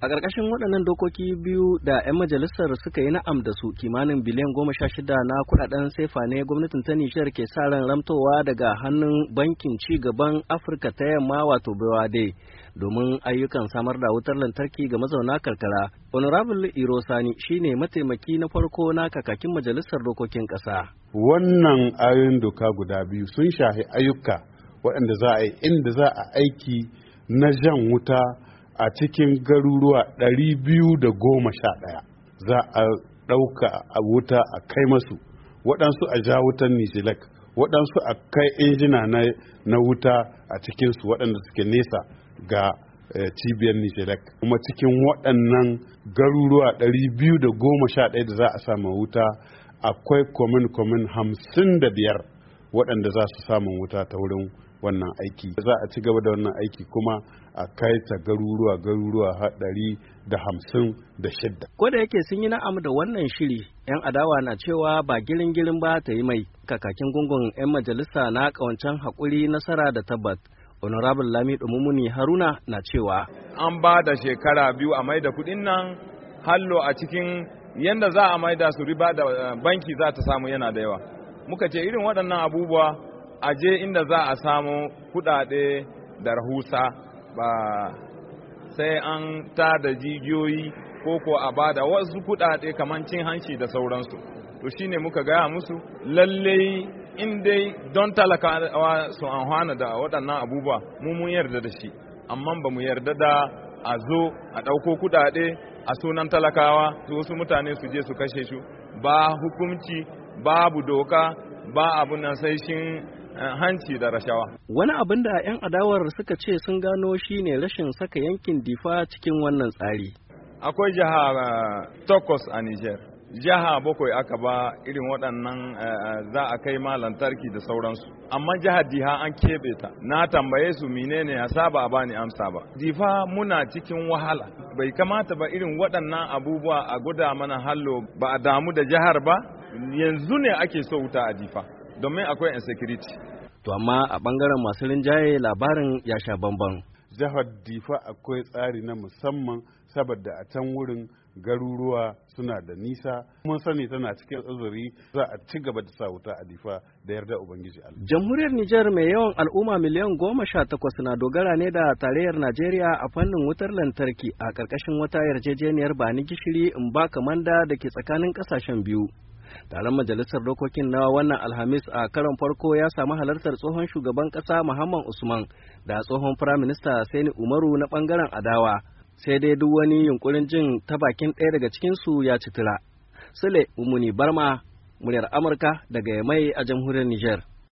a ƙarƙashin waɗannan dokoki biyu da 'yan majalisar suka yi na'am da su kimanin biliyan goma sha shida na kuɗaɗen sefa ne gwamnatin ta nishiyar ke sa ran ramtowa daga hannun bankin ci gaban afirka ta yamma wato bewade domin ayyukan samar da wutar lantarki ga mazauna karkara honorable irosani ne mataimaki na farko na kakakin majalisar dokokin ƙasa wannan ayoyin doka guda biyu sun shahi ayyuka waɗanda za a yi inda za a aiki na jan wuta a cikin garuruwa 211 za a ɗauka a wuta a kai masu waɗansu a ja wutan nijilak waɗansu a kai injina na wuta a cikinsu waɗanda suke nesa ga eh, cibiyar nijilak kuma cikin waɗannan garuruwa 211 da za a sama wuta akwai kwamin-kwamin 55 waɗanda za su samun wuta ta wurin wannan aiki za a ci gaba da wannan aiki kuma a kai ta garuruwa garuruwa haɗari da hamsin da shidda. Ko da yake sun yi na'am da wannan shiri 'yan adawa na cewa ba girin girin ba ta yi mai kakakin gungun 'yan majalisa na ƙawancen haƙuri nasara da tabbat. Honorable Lami Dumumuni Haruna na cewa. An ba da shekara biyu a da kuɗin nan hallo a cikin yadda za a maida su riba da eh, banki za ta samu yana da yawa. muka ce irin waɗannan abubuwa a je inda za a samu kuɗaɗe da rahusa ba sai an da jijiyoyi ko ko a ba da wasu kuɗaɗe kamar cin hanci da sauransu to shi ne muka gaya musu lallai in dai don talakawa su hana da waɗannan abubuwa mu mun yarda da shi amma ba mu yarda da a zo a ɗauko kuɗaɗe a sunan talakawa su wasu mutane su je su kashe su ba hukunci babu doka ba abu nan sai shin eh, hanci da rashawa. Wani abin da 'yan adawar suka ce sun gano shine rashin saka yankin difa cikin wannan tsari. Akwai jiha eh, Tokos a Nijar, Jiha bakwai aka ba irin waɗannan eh, za a kai ma lantarki da sauransu. Amma jihar Diha an keɓe ta. Na tambaye su menene ya saba a bani amsa ba. Difa muna cikin wahala. Bai kamata ba irin waɗannan abubuwa a guda mana hallo ba a damu da jihar ba, yanzu ne ake so wuta a difa domin akwai insecurity to amma a bangaren masu rinjaye labarin ya sha bamban jihar difa akwai tsari na musamman saboda a can wurin garuruwa suna da nisa kuma sani tana cikin tsazuri za a ci gaba da sa wuta a difa da yarda ubangiji Allah. jamhuriyar nijar mai yawan al'umma miliyan goma sha takwas na dogara ne da tarayyar najeriya a fannin wutar lantarki a ƙarƙashin wata yarjejeniyar bani gishiri in ba kamanda da ke tsakanin ƙasashen biyu taron majalisar dokokin na wannan alhamis a karon farko ya samu halartar tsohon shugaban kasa muhammad usman da tsohon firaminista Saini umaru na bangaren adawa sai dai duk wani yunkurin jin ta bakin ɗaya daga cikinsu ya citira sule umuni barma muryar amurka daga mai a jamhuriyar niger